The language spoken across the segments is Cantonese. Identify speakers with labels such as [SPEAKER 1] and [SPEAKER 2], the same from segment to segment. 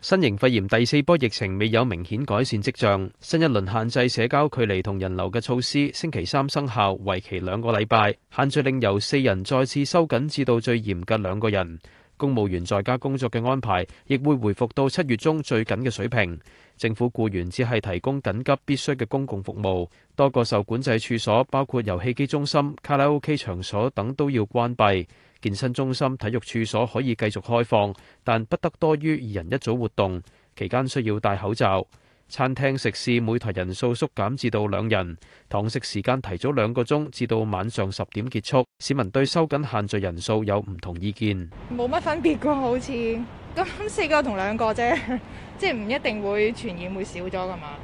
[SPEAKER 1] 新型肺炎第四波疫情未有明顯改善跡象，新一輪限制社交距離同人流嘅措施星期三生效，為期兩個禮拜，限聚令由四人再次收緊至到最嚴格兩個人。公務員在家工作嘅安排亦會回復到七月中最緊嘅水平。政府僱員只係提供緊急必須嘅公共服務，多個受管制處所，包括遊戲機中心、卡拉 OK 場所等，都要關閉。健身中心、體育處所可以繼續開放，但不得多於二人一組活動，期間需要戴口罩。餐廳食肆每枱人數縮減至到兩人，堂食時間提早兩個鐘至到晚上十點結束。市民對收緊限聚人數有唔同意見，
[SPEAKER 2] 冇乜分別嘅，好似咁四個同兩個啫， 即係唔一定會傳染會少咗㗎嘛。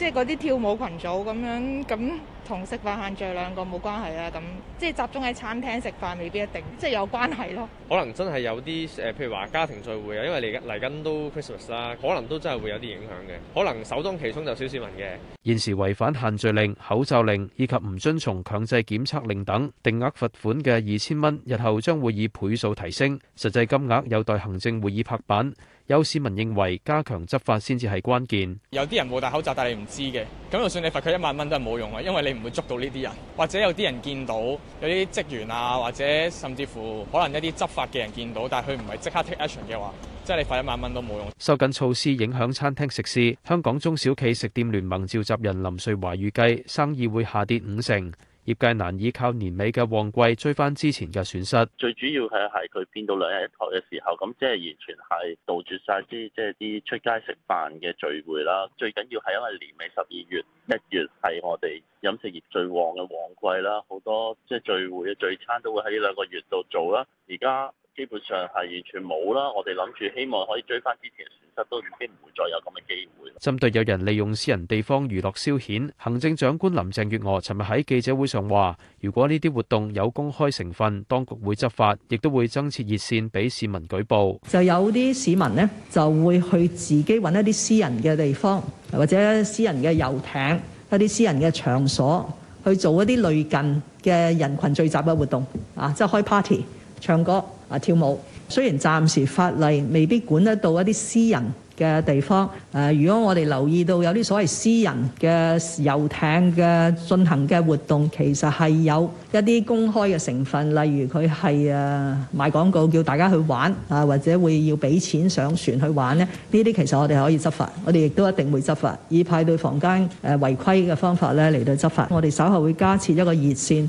[SPEAKER 2] 即係嗰啲跳舞群組咁樣，咁同食飯限聚兩個冇關係啊！咁即係集中喺餐廳食飯，未必一定
[SPEAKER 1] 即係有關係咯。可能真係有啲誒，譬如話家庭聚會啊，因為嚟嚟緊都 Christmas 啦，可能都真係會有啲影響嘅。可能首當其衝就小市民嘅。現時違反限聚令、口罩令以及唔遵從強制檢測令等定額罰款嘅二千蚊，日後將會以倍數提升，實際金額有待行政會議拍板。有市民認為加強執法先至係關鍵。有啲人冇戴口罩但係唔知嘅，咁就算你罰佢一萬蚊都係冇用啊，因為你唔會捉到呢啲人。或者有啲人見到有啲職員啊，或者甚至乎可能一啲執法嘅人見到，但係佢唔係即刻 take action 嘅話，即係你罰一萬蚊都冇用。收緊措施影響餐廳食肆，香港中小企食店聯盟召集人林瑞華預計生意會下跌五成。業界難以靠年尾嘅旺季追翻之前嘅損失，
[SPEAKER 3] 最主要係係佢變到兩人一枱嘅時候，咁即係完全係杜絕晒啲即係啲出街食飯嘅聚會啦。最緊要係因為年尾十二月、一月。飲食業最旺嘅旺季啦，好多即係聚會嘅聚餐都會喺呢兩個月度做啦。而家基本上係完全冇啦。我哋諗住希望可以追翻之前嘅損失，都已經唔會再有咁
[SPEAKER 1] 嘅機會。針對有人利用私人地方娛樂消遣，行政長官林鄭月娥尋日喺記者會上話：「如果呢啲活動有公開成分，當局會執法，亦都會增設熱線俾市民舉報。」
[SPEAKER 2] 就有啲市民呢就會去自己揾一啲私人嘅地方，或者私人嘅遊艇。一啲私人嘅場所去做一啲類近嘅人群聚集嘅活動，啊，即係開 party、唱歌、啊、跳舞。雖然暫時法例未必管得到一啲私人嘅地方、呃，如果我哋留意到有啲所謂私人嘅遊艇嘅進行嘅活動，其實係有一啲公開嘅成分，例如佢係誒賣廣告叫大家去玩啊，或者會要俾錢上船去玩咧，呢啲其實我哋可以執法，我哋亦都一定會執法，以派對房間誒、呃，違規嘅方法咧嚟到執法。我哋稍後會加設一個熱線。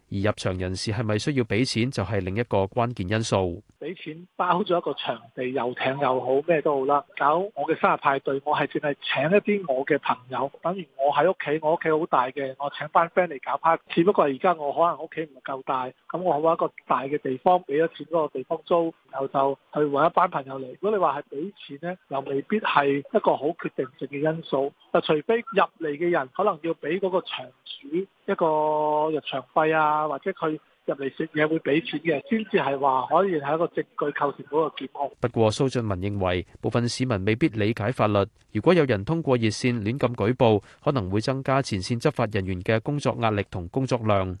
[SPEAKER 1] 而入場人士係咪需要俾錢就係另一個關鍵因素。
[SPEAKER 3] 俾錢包咗一個場地，遊艇又好，咩都好啦。搞我嘅生日派對我，我係淨係請一啲我嘅朋友，等於我喺屋企，我屋企好大嘅，我請班 friend 嚟搞派。只不過而家我可能屋企唔夠大，咁我揾一個大嘅地方俾咗錢嗰個地方租，然後就去揾一班朋友嚟。如果你話係俾錢呢，又未必係一個好決定性嘅因素。嗱，除非入嚟嘅人可能要俾嗰個場主。一個入場費啊，或者佢入嚟食嘢會俾錢嘅，先至係話可以係一個證據構成嗰個檢控。
[SPEAKER 1] 不過蘇俊文認為，部分市民未必理解法律，如果有人通過熱線亂咁舉報，可能會增加前線執法人員嘅工作壓力同工作量。